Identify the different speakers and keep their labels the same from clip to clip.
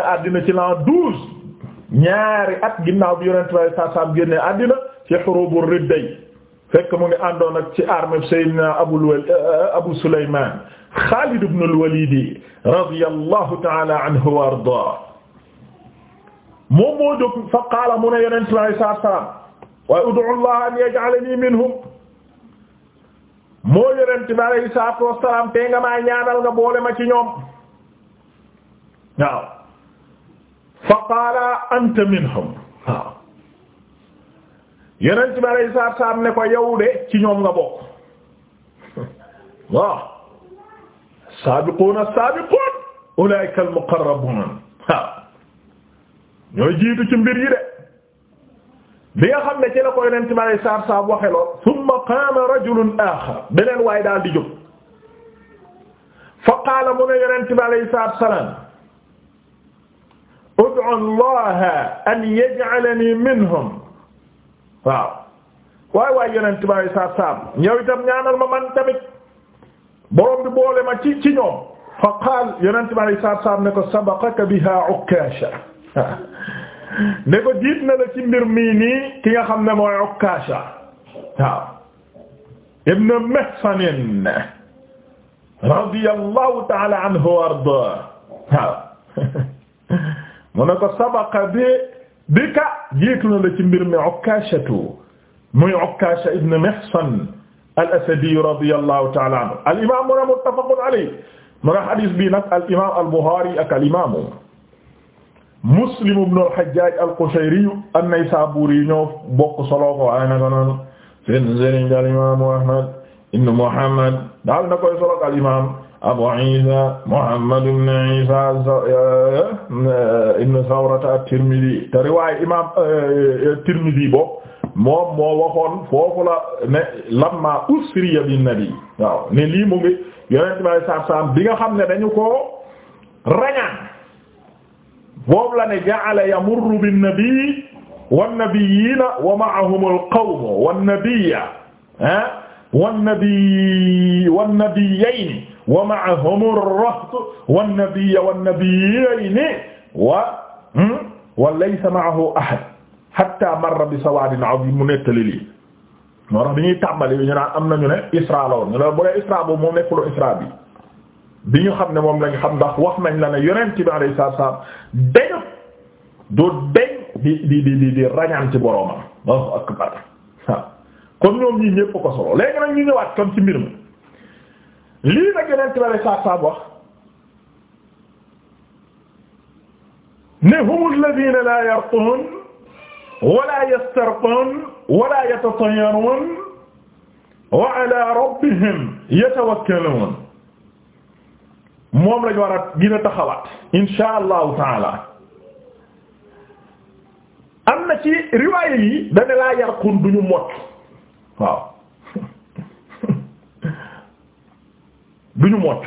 Speaker 1: génn àddina ci l'an douze ñaari at ginnaaw bi yonent bi saa saam génne àddina ci xurubu ridda yi fekk mu ngi àndoon ak ci armée Seydina Abul Wal euh, Abu Sulaymaan Xaalid ibn al-Walid radiyallahu ta'ala anhu wa ardaa moom moo jóg fa qaala mu ne yonent bi saa saam waaye ud'u Allah an yaj'alani minhum moo yonent bi alayhi salaatu wa salaam te nga maa ñaanal nga boole ma ci ñoom waaw fa qaala anta minhum waaw yeneen ci bari saab saab ne ko yow de ci ñoom nga bokk waaw saabiquuna saabiquun ulaa'ika al-muqarrabuun waaw ñooy jiitu ci mbir yi de bi nga xam ne ci la ko yeneen ci bari saab saab waxe lool thumma qaama rajulun aaxar beneen waaye daal di jóg fa qaala mu ne yeneen ci bari saab salaam ud'u allaha an yaj'alani minhum waaw waay waay yonent bi alei saatu salam ñëw itam ñaanal ma man tamit borom bi boole ma ci ci ñoom fa qaal yonent bi alei saatu salam ne ko sabaqaka biha Ukkaasha ne ko jiit na la ci mbir mii nii ki nga xam ne mooy Ukkaasha waaw ibn Mihsan radiyallahu ta'ala anhu wa arda waaw mu ne ko sabaqa bi bi ka jiitu na la ci mbir mi Ukkaashatu muy Ukkaasha ibn Mihsan al-Asadi radiyallahu ta'ala anhu al-imaam mu ne muttafaqun alayhi mu ne hadiis bi nag al-imaam al-Buxaari ak al-imaam Muslim ibn al-Hajjaaj al-Qushayri an-Naysaabuuri ñoo bokk solo ko ay naka noonu seen sëriñ al-imaam Ahmad ibn Muhammad daal na koy solo ak al-imaam Abu Isa Muhammad ibn Isa ibn Sawrata at-Tirmidhi te riwaay imaam eh, Tirmidhi bo moom moo waxoon foofu la ne lamma usriya bin nabi waaw ne lii mu ngi yonent bi saa saam bi nga xam ne dañu ko rañaan boobu la ne ja'ala yamurru bin nabi wan nabiyyiina wa ma'ahum al-qawm wan nabiyya ha eh, wan nabi wan nabiyyayni wa ma'ahum ar-rahtu wan-nabiyya wan-nabiyyayni wa hmm, wa laysa ma'ahu ahad hatta marra bi sawaadin azim mu nettali lii moo tax bi ñuy tàmbali bi ñu naan am nañu ne isra la woon ñu ne bu dee isra boobu moom nekkuloo isra bi bi ñu xam ne moom lañu xam ndax wax nañ la ne yonent bi alayhi salaatu salaam dañu du deñ di di di di di rañaan ci boroomam Allahu akbar kon ñoom ñii ñépp ko solo léegi nag ñu ñëwaat kon ci mbir mi lii nag yeneen ci la lay saab wax ne humu alladhina la yarqun wala yastarqun wala yatatayyarun wa ala rabbihim yatawakkalun moom lañu war a gën a taxawaat insha allahu taala am na ci riwaaya yi dana laa yarqun duñu mot waaw duñu mocc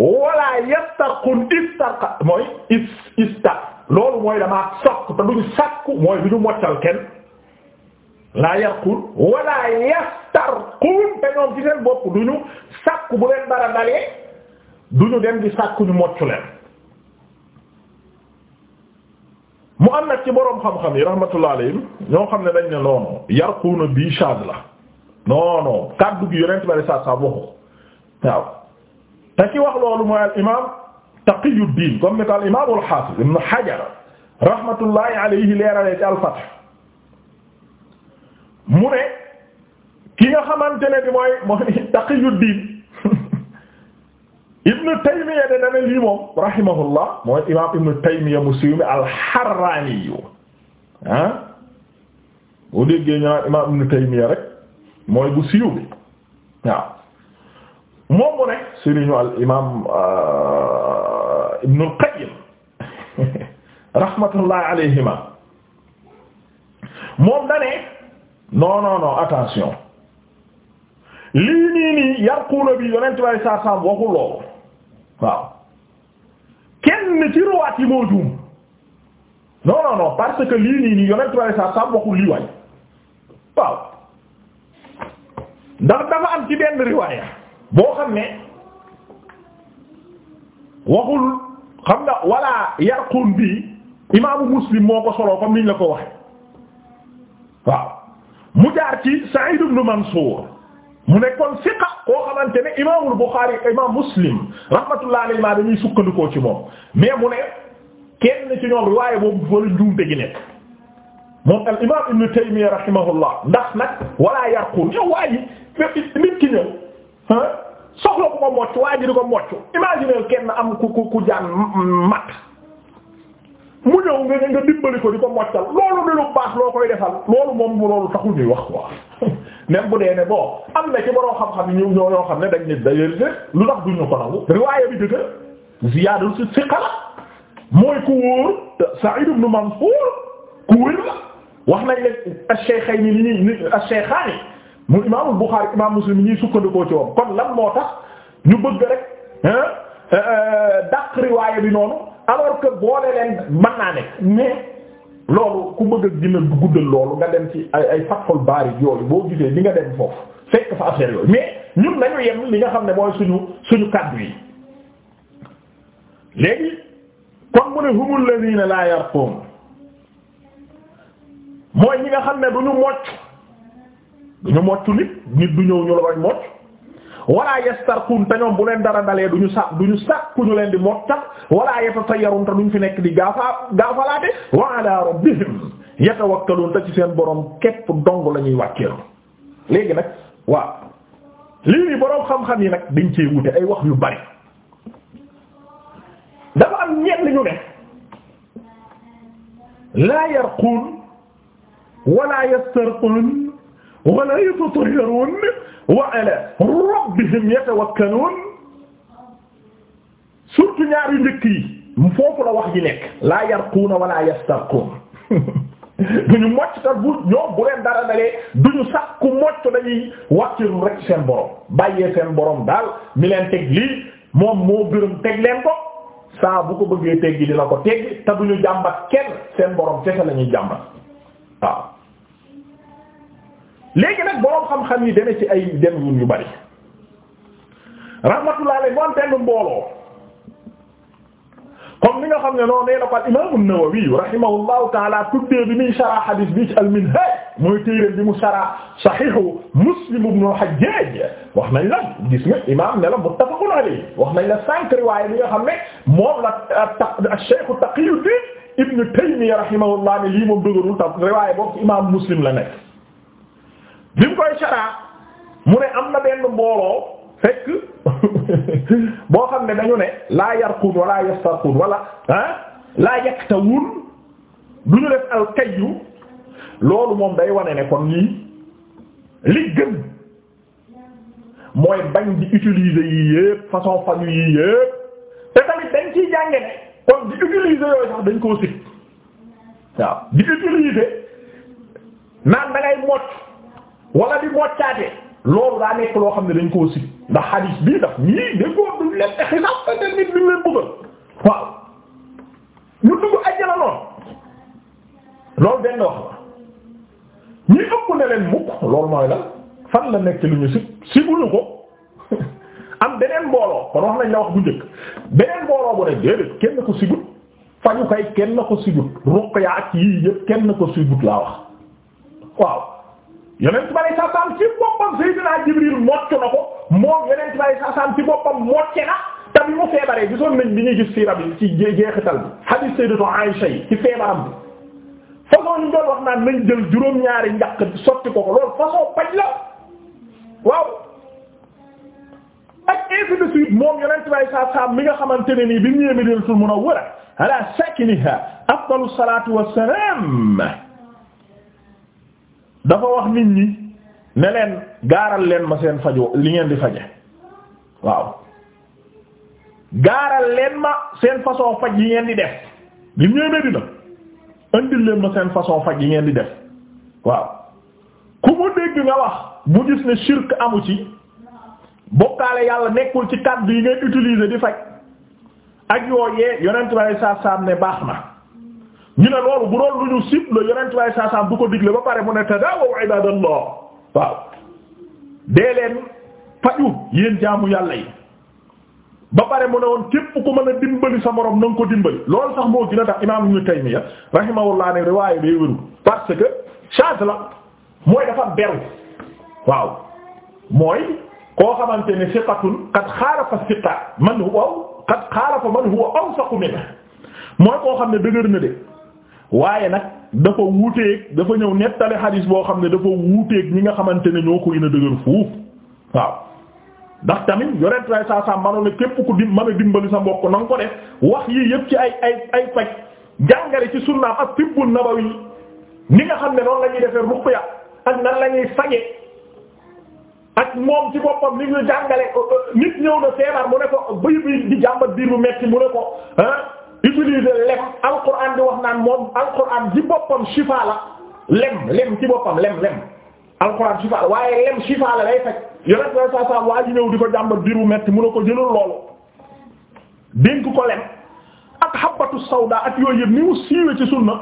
Speaker 1: wala yastarqun istarqa mooy is ista loolu mooy damaa soq te duñu sàkku mooy duñu moccal kenn laa yarqun wala yastarqun te ñoom ci seen bopp duñu sàkku bu leen dara dalee duñu dem di sàkku ñu moccu leen mu am nag ci boroom xam-xam yi rahmatullah alayhim ñoo xam ne dañ ne noonu yarquuna bii shaad non non kaddu gi yonent bari saa saa waxu waaw te wax loolu mooy al imaam Taqiyuddin comme ni ko al imaam al Haafiz ibn Hajar rahmatullahi alayhi leeralee ci al Fath mu ne ki nga xamante ne bi mooy mooy Taqiyuddin Ibn Taymiyya de dana lii moom rahimahullah mooy imaam Ibn Taymiyya mu siiw mi al Harraani ah boo déggee ñu naan imaam Ibn Taymiyya rek. mooy bu siiw bi waaw moom mu ne sëriñu al imaam euh, Ibnul Qayyim rahmatullahi alayhima moom da ne non non non attention lii nii nii yarquuna bi yonent bi alayhi salaatu salaam waxul loolu waaw kenn ci ruwaat yi moo juum non non non parce que lii nii nii yonent bi alayhi salaatu salaam lii waay waaw. ndax dafa am ci benn riwaaya boo xam ne waxul xam nga walla yarqun bi imaamu muslim moo ko soloo comme niñ la ko waxe waaw mu jaar ci Sa'id ibn Mansour mu ne kon siqa koo xamante ne imaamul Bukhari imaam muslim rahmatullahi alayhi ma dañuy sukkandikoo ci moom mais mu ne kenn ci ñoom riwaaya boobu wala njuumte gi nekk moom al imaam ibn Taymiyya rahimahullah ndax nag walla yarqun yow waaye nit ki ñëw ah, soxla ku ko mocc waa ji di ko mocc imaginer kenn am ku ku ku jaan mat mu ñëw nga nga dimbali ko di ko moccal loolu di lu baax loo koy defal loolu moom loolu taxul ñuy wax quoi même bu dee ne bon am na ci baroo xam-xam ñu ñoo ñoo xam ne dañ ne dayérité lu tax duñu ko nangu riwaaya bi dëgg ziyaadul si siqa la mooy ku wóor Sa'id ibn Mansur ku wér la wax nañ ne ash-shaykhayni li ñuy mu imaamul Buxaari imaam Muslim ñuy sukkandikoo ci woon kon lan moo tax ñu bëgg rek euh, euh, dàq riwaaya bi noonu alors que boole leen mën naa nekk mais loolu ku bëgg a gën guddal loolu nga dem ci ay ay Fathul Baari yooyu boo gisee li nga dem foofu fekk fa affaire yooyu mais ñun nañu yem li nga xam ne mooy suñu suñu kaddu yi léegi kon mu ne humul ladina la yarqum mooy ñi nga xam ne duñu mocc ñu mocc nit nit du ñëw ñu la bañ mocc wala yastarqun te ñoom bu leen dara dalee duñu sa duñu sàkk ñu leen di moccat wala yatatayyarun te ñu fi nekk di gaafa gaafalaate wa ala rabbihim yatawakkalun te ci seen boroom képp dong la ñuy wàkkeelu léegi nag waaw lii nii boroom xam-xam yi nag dañ cee wute ay wax yu bari dafa am ñenn ñu ne laa yarqun wala yastarqun wala yatataharuun wa ala rabbihim yatawakkaluun surtout ñaar yu njëkk yi foofu la wax gi nekk laa yarquuna wala yastarquun duñu mocc ta bu ñoom bu leen dara dalee duñu sàkku mocc dañuy wàccilu rek seen borom bàyyee seen borom daal mi leen teg lii moom moo gërëm teg leen ko saa bu ko bëggee teggi la ko teggi te duñu jàmbat kenn seen borom kese lañuy jàmba waaw léegi nag boroom xam-xam yi dana ci ay dem yu bari rahmatullah alayhi moom benn mbooloo comme ni nga xam ne noonu nee na ko al imam an-Nawawi rahimahullahu taala tuddee bi muy sara hadis bi ci al-Minhaj mooy bi mu sara sahihu Muslim ibn al-Hajjaj wax nañ la gis nga imam ne la muttafaqun alayhi wax nañ la cinq riwaaya bi nga xam ne moom la Cheikh Taqiyuddin ibn Taymiyya rahimahullah ne lii moom dëgërul tax riwaaya boobu imam Muslim la nekk bi mu koy saraa mu ne am na benn mbooloo fekk boo xam ne dañu ne laa yarquun wala yastarquun wala ah laa yaktawun du ñu def alkayyu loolu moom day wane ne kon lii li gën mooy bañ di utiliser yii yépp façon fañu yii yépp te tamit dañ ciy jànge ne kon di utiliser yooyu sax dañ koo sit waaw di utiliser naan da ngay wala di moccaate loolu daa nekk loo xam ne dañ koo sib ndax xadiis bii ndax ñii dañ koo duñ leen xisaab ba waaw ñu dugg ajjana loolu benn wax la ñi ëpp ne leen mukk loolu mooy la fan la nekk lu ñu sib sibuñu ko am beneen mbooloo bu njëkk kenn ko sibut faju kay kenn ak yii yëpp kenn ko sibut laa wax waaw yonent bi alayhi salaam ci boppam Seydina Jibril mocc na ko moom yonent bi alayhi salaam ci boppam mocce na te bi mu feebaree gisoon nañ bi ñuy gis siira bi ci jeexital bi hadith Sayyidatu Aisha yi ci feebaram bi façon ñu wax naan nañ jël juróom-ñaari njaq sotti ko ko loolu façon paj la waaw ak ainsi de suite moom yonent bi alayhi salaam mi nga xamante ne nii bi mu ñëwee Madinatul Munawwara ala sakiniha afdalu salaatu dafa wax nit ñi ne leen gaaral leen ma seen fajo li ngeen di faje waaw gaaral leen ma seen façon faj yi ngeen di def li ñooy Medina indil leen ma seen façon faj yi ngeen di def waaw ku mu dégg nga wax bu gis ne shirk amu ci bokkaale yàlla nekkul ci kàddu yi ngay utiliser di faj ak yooyee yonent bi sallallahu alayhi ne baax na ñu ne loolu bu doon lu ñu sib la yonent lay saasaam du ko digle ba pare mu ne tadaawaw ibaadallah waaw dee leen faju yéen jaamu yàlla yi ba pare mu ne woon képp ku mën a dimbali sa morom na ko dimbali loolu sax moo gën a tax imaam Ibnu Taymiyya rahimahullah ne riwaaye day wëru parce que charge la mooy dafa beru waaw mooy koo xamante ne siqatun qad xaalafa siqa man huwa qad xaalafa man huwa awsaqu minhu mooy koo xam ne dëgër na de waaye nag dafa wuuteeg dafa ñëw nettali xadiis boo xam ne dafa wuuteeg ñi nga xamante ne ñoo ko gën a dëgër fuuf waaw ndax tamit yonent lay saa saa manu ne képp ku dim mën a dimbali sa mbokk na ko def wax yii yëpp ci ay ay ay faj jàngale ci sunnaam ak tibbul nabawi ni nga xam ne noonu la ñuy defee ruqya ak nan lañuy ñuy faje ak moom ci boppam ni ñu jàngale nit ñëw na feebar mu ne ko bëy bi di jàmbat bii bu metti mu ne ko utiliser lem alquran di wax naan moom alquran ci boppam shifa la lem lem ci boppam lem lem alquran shifa la waaye lem shifa la lay faj yonent na saa saa waa ji ñëw di ko jàmbat biir bu metti mun a ko jëlal loolu dénk ko lem ak xabatu sawda ak yooyu yëpp ni mu siiwe ci sunna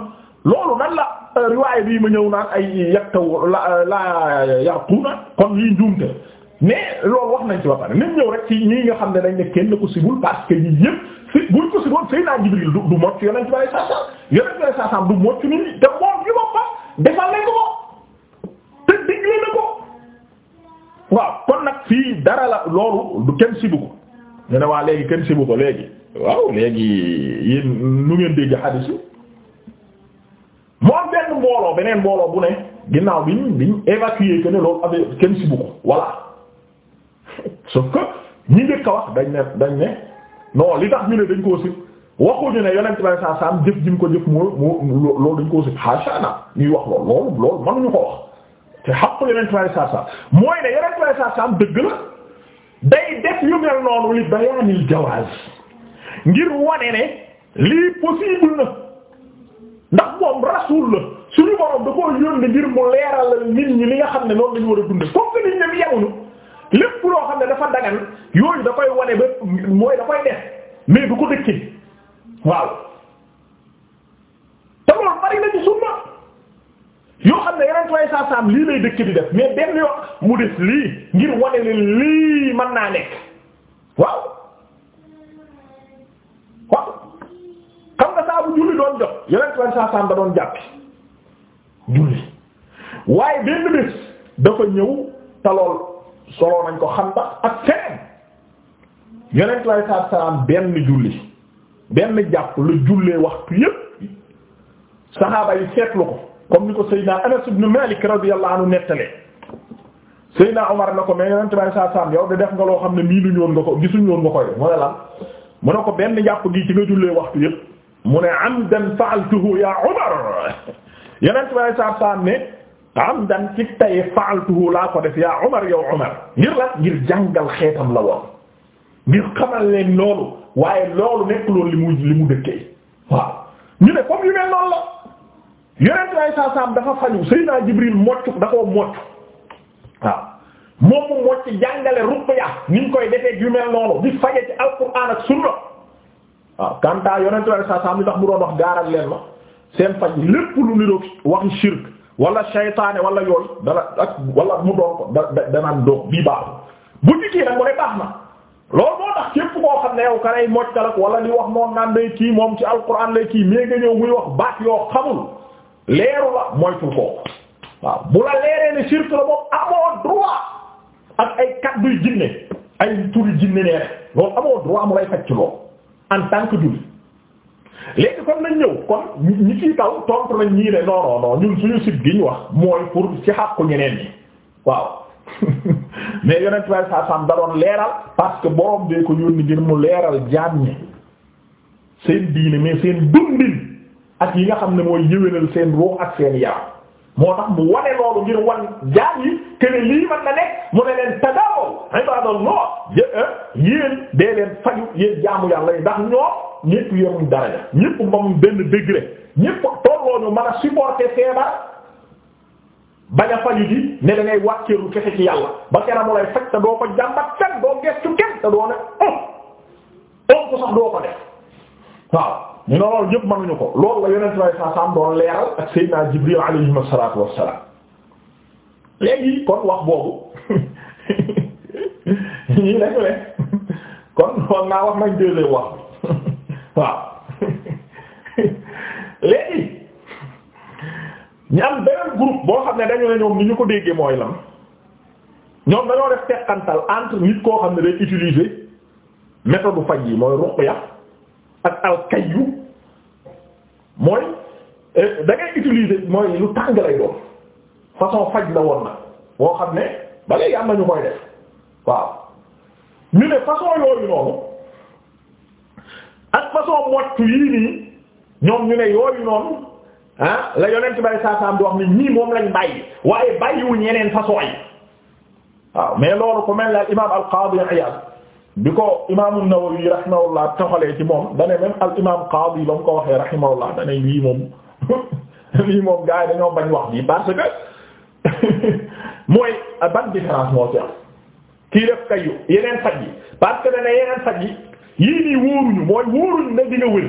Speaker 1: loolu nan la euh, riwaay bii ma ñëw naan ay yaktaw la euh, la yàquuna kon lii njuumte mais loolu wax nañ ci ba pare nañ ñëw rek ci ñii nga xam ne dañ ne kenn ko sibul parce que ñi yëpp buñ ko siboon sëy naa Jibril du mot ci yonent bi sallallahu alayhi wasallam yonent bi sallallahu alayhi du mot nit te moom ñu boppam defal nañ ko ko te na ko waaw kon nag fii dara la loolu du kenn sibu ko ñu ne waa léegi kenn sibu ko léegi waaw léegi yéen nu ngeen dégg xadis yi moom benn mbooloo beneen mbooloo bu ne ginnaaw bi biñ évacué que ne loolu amee kenn sibu ko sauf que ñi njëkk a wax dañ ne dañ ne non li tax ñu ne dañ koo sib waxuñu ne yonent bi saa saam jëf ji ko jëf moo moo loolu dañ koo sib xaasana ñuy wax lool loolu loolu mënuñu ko wax te xaqu yonent bi saa saam mooy ne yonent bi saa saam dëgg la day def yu mel noonu li bayaanil jawaaz ngir wane ne lii possible na ndax moom rasul la suñu borom da koo yónni ngir mu leeralal nit ñi li nga xam ne noonu lañu war a dundee comme que nit ñi dem yemuñu lépp loo xam ne dafa dagan yooyu da koy wane ba mooy da koy def mais du ko dëkkin waaw te loolu bari na ci yoo xam ne yeneen trois cent sam lii lay dëkk di def mais benn yoon mu def lii ngir wane ne lii mën naa nekk waaw waaw xam nga saa bu julli doon jot yeneen trois da doon jàppi julli waaye benn bés dafa ñëw te lool soloo nañ ko xandax ak feneen yonent lay saa salaam benn julli benn jàpp la jullee waxtu yépp saxaaba yi seetlu ko comme ni ko Seydina Anas ibn Malik radiyallahu anhu nettalee Seydina Omar na ko mais yonent lay saa salaam yow def nga loo xam ne mii nuñoon nga ko gisuñoon nga koy mu ne lan mu ne ko benn jàpp gi ci nga jullee waxtu yépp mu ne amdan fa'altuhu ya Omar yonent lay saa salaam ne amdan ci tay fa'altuhu laa ko def yaa Umar yow Umar ngir la ngir jàngal xeetam la woon ngir xamal leen loolu waaye loolu nekk loolu li mu li mu dëkkee waaw ñu ne comme yu mel noonu la yonent lay saa saam dafa fañu Seydina Jibril moccu da koo mocc waaw moom mu mocc jàngale ruqya niñ koy defee yu mel noonu di faje ci alquran ak sunna waaw kanta yonent lay saa tax mu doon wax gaaral leen ma seen faj lépp lu niroog waxi shirk wala shaytaane wala yool dana ak wala mu doon ko da da danaan doog bii baaxul bu dikkee nag mu ne baax na. loolu moo tax képp koo xam ne yow ka lay mojtal wala li wax noonu naan day kii moom ci alquran lay kii mais nga ñëw muy wax baat yoo xamul leeru la moytu ko waaw bu la leeree ne surtout la moom amoo droit ak ay kadduy jinne ay turi jinne nee rek loolu amoo droit mu lay faj ci loolu en tant léegi kon nañ ñëw kon ñi ciy taw tontu nañ ñii ne non suñu sib gi ñu wax mooy pour ci xàqu ñeneen ñi waaw mais yonent way sa sam da leeral parce que borom bee ko yónni ngir mu leeral jaam ñi seen diine mais seen dundin ak yi nga xam ne mooy yëwénal seen ruux ak seen yaram moo tax mu wane loolu ngir wan jaam yi que ne lii man na nekk mu ne leen tadaaw ibadallah eh, yéen dee leen faju yéen jaamu yàlla yi ndax ñoo ñépp yemuñ daraja ñépp moom benn degré ñépp tolloo ñu mën a supporter feebar bañ a fañu di ne da ngay wàcceelu kese ci yàlla ba kenn mu lay faj te doo ko jàmbat kenn doo gestu kenn te doo ne oh on ko sax doo ko def waaw ñu ne loolu ñépp mënuñu ko loolu la yonent bi saa saam doon leeral ak Seydina Jibril alayhi salaatu wassalaam léegi kon wax boobu ñii lañu ne kon foog naa wax nañ deuxième wax bi waaw léegi ñu am beneen groupe boo xam ne dañu ne ñoom ni ñu ko déggee mooy lan ñoom dañoo def teqantal entre nit koo xam ne day utiliser méthode faj yi mooy ruqya ak alkayu mooy eh, da ngay utiliser mooy lu tàng lay doon façon faj la woon na boo xam ne ba léegi am na ñu koy def waaw ñu ne façon yooyu noonu. ak façon mottu yii nii ñoom ñu ne yooyu noonu ah la yonent bay saasaam di wax ni ñii moom lañ bàyyi waaye bàyyiwuñ yeneen façon yi waaw mais loolu ku mel ne al imaam al qaadi Iyaad bi ci moom da ne al imaam qaadi ba mu ko waxee rahimahullah da ne moom lii moom gars dañoo bañ wax bi parce que mooy ban différence moo ci am kii def kayu yeneen faj yi parce yeneen faj yi. yii nii wóoruñu mooy wóoruñu ne dina wér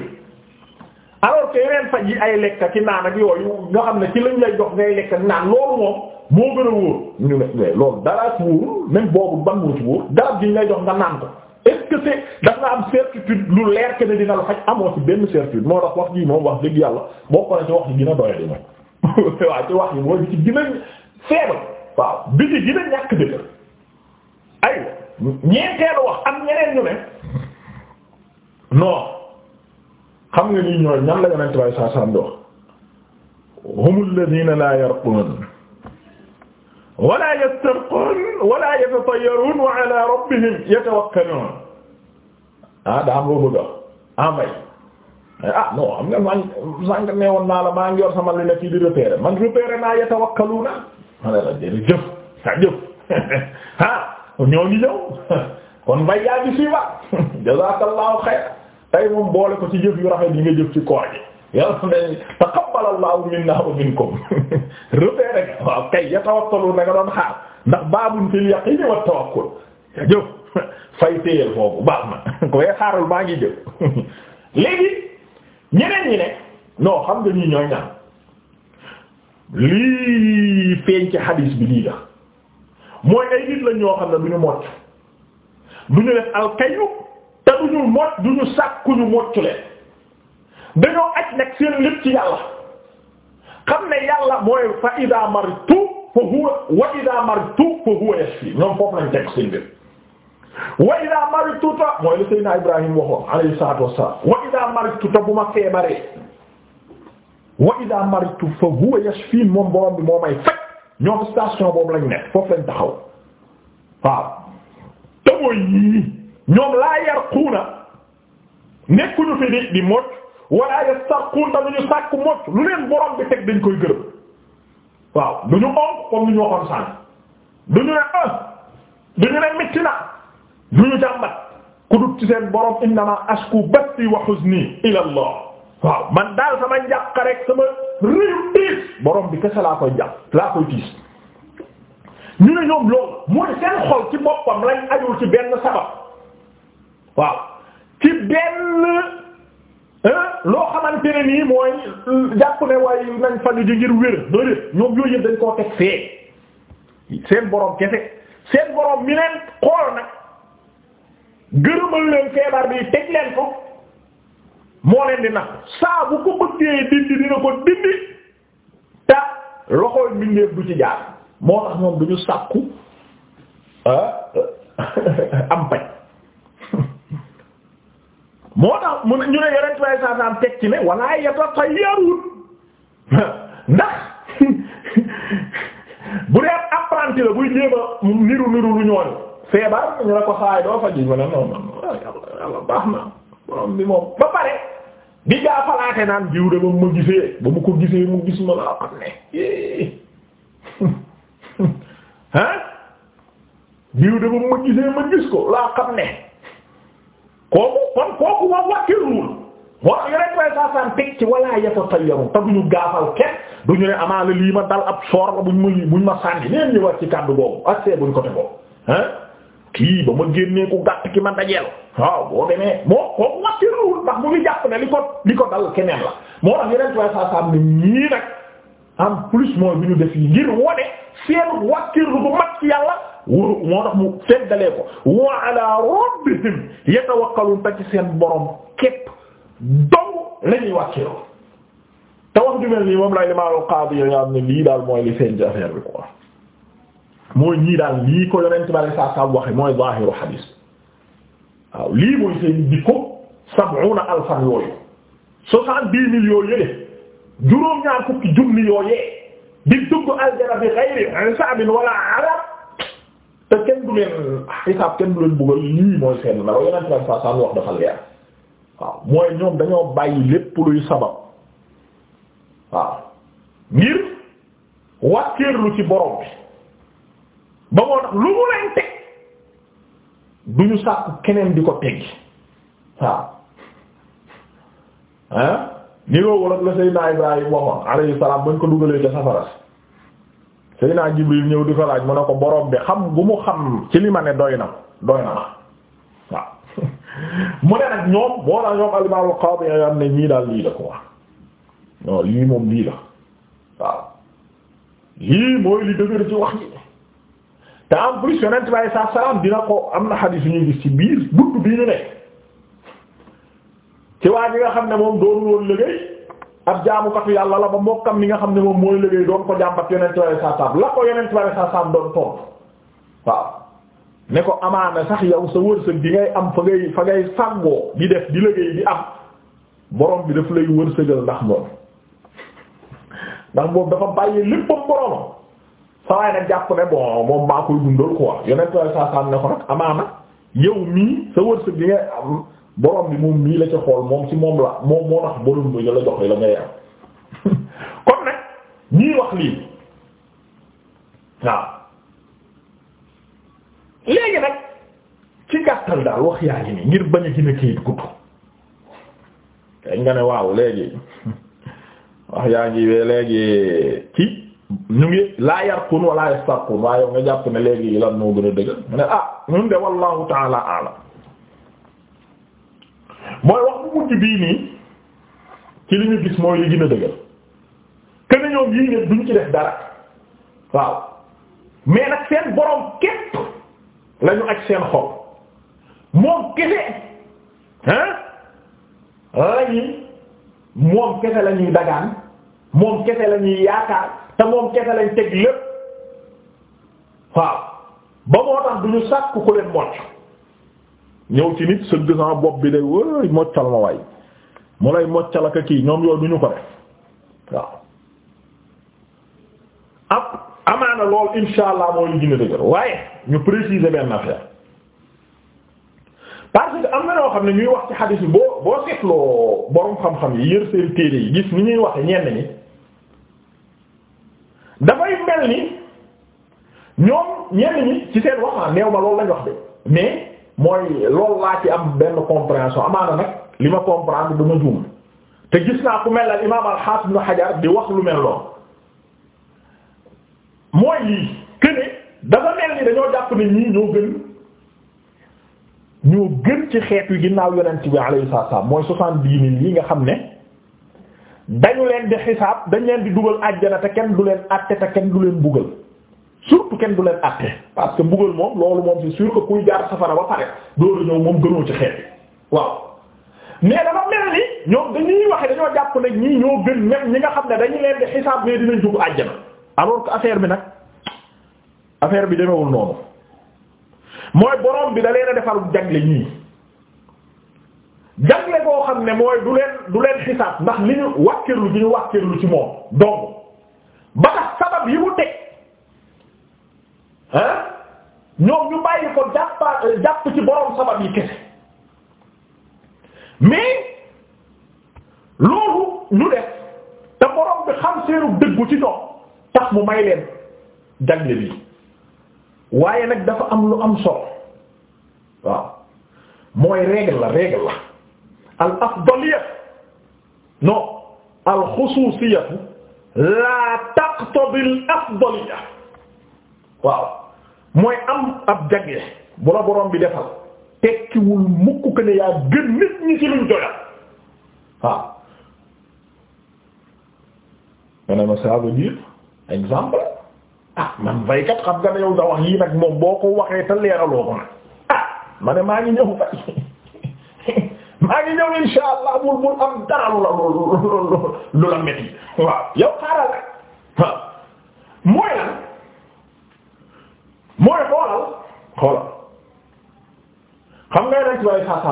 Speaker 1: alors que yeneen faj yi ay lekk ci naan ak yooyu nga xam ne ci lañ lay jox ngay lekk naan loolu moom moo gën a wóor ñu ne loolu dara ci wóorul même boobu ban moo ci wóor gi ñu lay jox nga naan ko est-ce que c'est nga am certitude lu leer que ne dina la faj amoo ci benn certitude moo tax wax ji moom wax dëgg yàlla moo ko ci wax yi gën a doyadi moom waaw ci wax yi mooy bi a faible waaw bi ci gën a non xam nga ni ñooy ñan la yonent bay saa saa ndox humul ladina la yarqun wala yastarqun wala yatatayyarun wa ala rabbihim ah daa am loo bëgg ah mbay ah non xam nga naa la maa ngi yor sama li ne man repérer naa yatawakkaluna ma ne la jërëjëf ah kon mbay yaa ngi suy ba jazaakallahu xayr tey moom boole ko ci jëf yu rafet yi nga jëf ci koor gi yàlla ne taqabbalallahu minna wa minkum rëbee rek waaw kay yatawakkalu na nga doon xaar ndax baabun fil yaqini wa tawakkul jëf fay téyel foofu baax na ko way xaaral maa ngi jëf léegi ñeneen ñi ne non xam nga ñii ñooy ñaan lii feeñ ci xadiis bi lii la mooy ay nit la ñoo xam ne du ñu mocc du ñu def duñu mot duñu sàkkuñu moccu leen dañoo aj nag seen lépp ci yàlla xam ne yàlla mooy fa ida maritu fa huwa wa ida maritu fa huwa yashfi ñoom foofu lañ teg biir wa ida maritu ta mooy li Seydina Ibrahim waxoon alayhi salaatu wassalaam wa ida maritu ta bu ma feebaree wa ida maritu fa huwa yashfi moom borom bi moo may faj ñoom station boobu lañ nekk foofu taxaw waaw mooy yii ñoom laa yarquuna nekkuñu fi di di mocc wala yastarquun ta duñu sàkk mocc lu leen borom bi teg dañ koy gërëm waaw duñu onk comme lu ñu waxoon sànq duñu ne ah duñu ne mitti na duñu jàmbat ku dut ci seen borom innama ashku batti wa huzni ila Allah waaw man daal sama njàq rek sama réew tiis borom bi kese laa koy jàpp laa koy tiis ñu ne ñoom loolu mooy seen xol ci boppam lañ ajul ci benn sabab waaw ci benn loo xamante ne nii mooy jàpp ne waaye nañ faju ji ngir wér doole yooyu dañ koo teg fee seen borom kese seen borom mi leen xool nag gërëmal leen feebar bi teg leen ko moo leen di nag saa ko bëggee dindi dina ko dindi te loxooy mbindeef du ci jaar moo tax ñoom du ñu sàkku ah, am paj mu ne ñu ne yonent bi sallallahu alayhi wasallam teg ci ne wala yatatayyaruun ndax bu apprenti la buy jéem a niru niru lu ñooñu feebar ñu ne ko saay doo fa ji ma ne non man yàlla yàlla baax na borom bi moom ba pare di gaa falaate naan jiw de ba mu ma ba mu ko gisee mu gis ma laa xam ne ah eh. jiw de ba mu ma gisee ko laa xam kooku kon kooku waa wàkkirluwul moo tax yeneen koy saasaan teg ci wala yatatayaru te duñu gaafal kenn duñu ne amaana lii ma dal ab soor la ma buñ ma sànni neen ñëwaat ci kàddu boobu ak see buñ ko te boobu ah kii ba ma génnee ku gàtt ki ma dajeel waaw boo demee moo kooku wàkkirluwul ndax mu ngi jàpp ne li ko li ko la moo tax yeneen koy saasaan ne ñii nag en plus mooy bi ñu def yi ngir wone seenu wàkkirlu bu mag ci yàlla moo tax mu feddalee ko wa ala rabbihim yatawakkalun ta ci seen borom képp dong la ñuy wàcceeloo te wax ju mel nii moom lay limaal qaadi yo nga am ne lii daal mooy li seen affaire bi quoi mooy ñii daal lii ko yonent bare saa saa waxe mooy zahiru hadis waaw lii mooy seen jikko sab'una alfan yooyu soixante-dix mille yooyu yële juróom-ñaar fukki junni yooyee di dugg aljana bi ghayri hisabin wala arab te kenn du leen xisaab kenn du leen bëggal lii mooy seen nara yeneen trois cent cent wax dafa leer waaw mooy ñoom dañoo bàyyi lépp luy sabab waaw ngir wàkkeerlu ci borom bi ba moo tax lu mu leen teg du ñu sàkku keneen di ko teggi waaw ah niroo wala la Seydina Ibrahim waxoon alayhi salaam bañ ko dugalee ca safara Seydina Jibril ñëw di ko laaj mu ko borom bi xam gu mu xam ci li ne doy na doy na waaw mu ne nag ñoom moo tax ñoom al-Imam al-Qadi ya ne ñii daal lii la ko wax lii moom lii la waaw lii mooy li dëgër ci wax ji te en plus yonent bi alayhi salaam dina ko am na xadiis yu gis ci biir buntu bi ñu ne ci waa ji nga xam ne moom doonul woon liggéey ab jaamukatu yàlla la ba mbokkam mi nga xam ne moom mooy liggéey doon ko jàmbat yonent bi alayhi salaam la ko yonent bi alayhi salaam doon toll ko amaana sax yow sa wërsëg am fa ngay di def di jàpp ne ko nag amaana yow mii sa wërsëg di am borom bi moom mii la ca xool moom ci moom la moom moo tax borom bi la jox li la ngay am kon nag ñii wax lii waaw léegi nag ci gàttal daal wax yaa ngi nii ngir bañ a gën kayit gudd kay nga ne waaw léegi wax yaa ngi léegi ci nu ngi laa yarkun wala yastarkun waaye nga jàpp ne léegi lan moo gën a dëgg mu ne ah de wallahu taala alam mooy wax bu mujj bii nii ci li ñu gis mooy li gën a dëgër kene ñoom yii ne duñ ci def dara waaw mais nag seen borom képp lañu ak seen xol moom kese hein lañuy moom kese lañuy dagaan moom kese lañuy yaakaar te moom kese lañ teg lépp waaw ba moo tax duñu sàkk ku leen mocc ñëw ci nit sëgg sama bopp bi day wëy moccal ma waay mu lay moccal ak kii ñoom yooyu du ñu ko def waaw ab amaana lool insha mooy li gën a dëgër waaye ñu préciser benn affaire parce que am na ñoo xam ne ñuy wax ci xadis yi boo boo seetloo borom xam-xam yi yër seen téere yi gis ni ñuy waxe ñenn ñi dafay mel ni ñoom ñenn ñi ci seen wax ah, neew ma lool lañ wax de mais mooy loolu laa ci am benn compréhension amaana nag li ma comprendre ma juum te gis naa ku mel al imaam al-Hafiz Ibn Hajar di wax lu mel noonu mooy lii këne dafa mel ni dañoo jàpp ne ñii ñoo gën ñoo gën ci xeet wi ginnaaw yonent bi alayhi salaam mooy soixante-dix mille yi nga xam ne dañu leen di xisaab dañ leen di dugal àjjana te kenn du leen àtte te kenn du leen bugal surtout kenn du leen àtte parce que mbugal moom loolu moom c'est sûr que kuy jaar safara ba pare dooru ñëw moom gënoo ci xeet waaw mais dafa mel ni ñoom dañuy waxe dañoo jàpp ne ñii ñoo gën même ñi nga xam ne dañu leen di xisaab mais dinañ dugg àjjana alors que affaire bi nag affaire bi demewul noonu mooy borom bi da leen a defal jagle ñii jagle koo xam ne mooy du leen du leen xisaab ndax li ñu wàkkirlu lu ñu wàkkirlu ci moom donc ba tax sabab yi mu teg ah ñoom ñu bàyyi ko jàppa jàpp ci borom sabab yi kese mais loolu ñu def te borom bi xam seeru dëggu ci ñoom tax mu may leen jagle bi waaye nag dafa am lu am solo waaw mooy règle la al afdaliyah non al xusuusiyah la taqtadi al afdaliyah waaw mooy am ab jagle bu la borom bi defal tekkiwul mukk ko ne yaa gën nit ñi ci luñ doyal waaw mane ma ça veut dire exemple ah man faykat xam nga ne yow nga wax yii nag moom boo ko waxee te leeraloo ko nag ah ma ne maa ngi ñëw fay maa ngi ñëw insha allah bul bul am dara lu la lu la metti waaw yow xaaral rek waaw mooy lan mooy xoolal xoolal xam nga yeneen ci waaye